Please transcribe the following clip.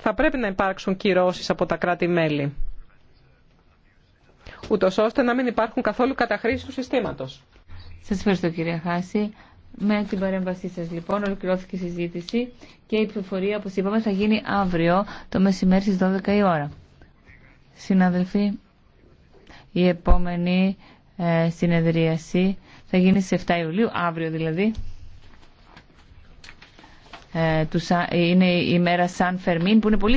θα πρέπει να υπάρξουν κυρώσεις από τα κράτη-μέλη, ούτως ώστε να μην υπάρχουν καθόλου καταχρήσεις του συστήματος. Σας ευχαριστώ κυρία Χάση. Με την παρέμβασή σας λοιπόν ολοκληρώθηκε η συζήτηση και η πληροφορία, όπως είπαμε θα γίνει αύριο το μεσημέρι στις 12 η ώρα. Συναδελφοί, η επόμενη ε, συνεδρίαση θα γίνει στις 7 Ιουλίου, αύριο δηλαδή. Ε, είναι η μέρα Σαν Φερμίν που είναι πολύ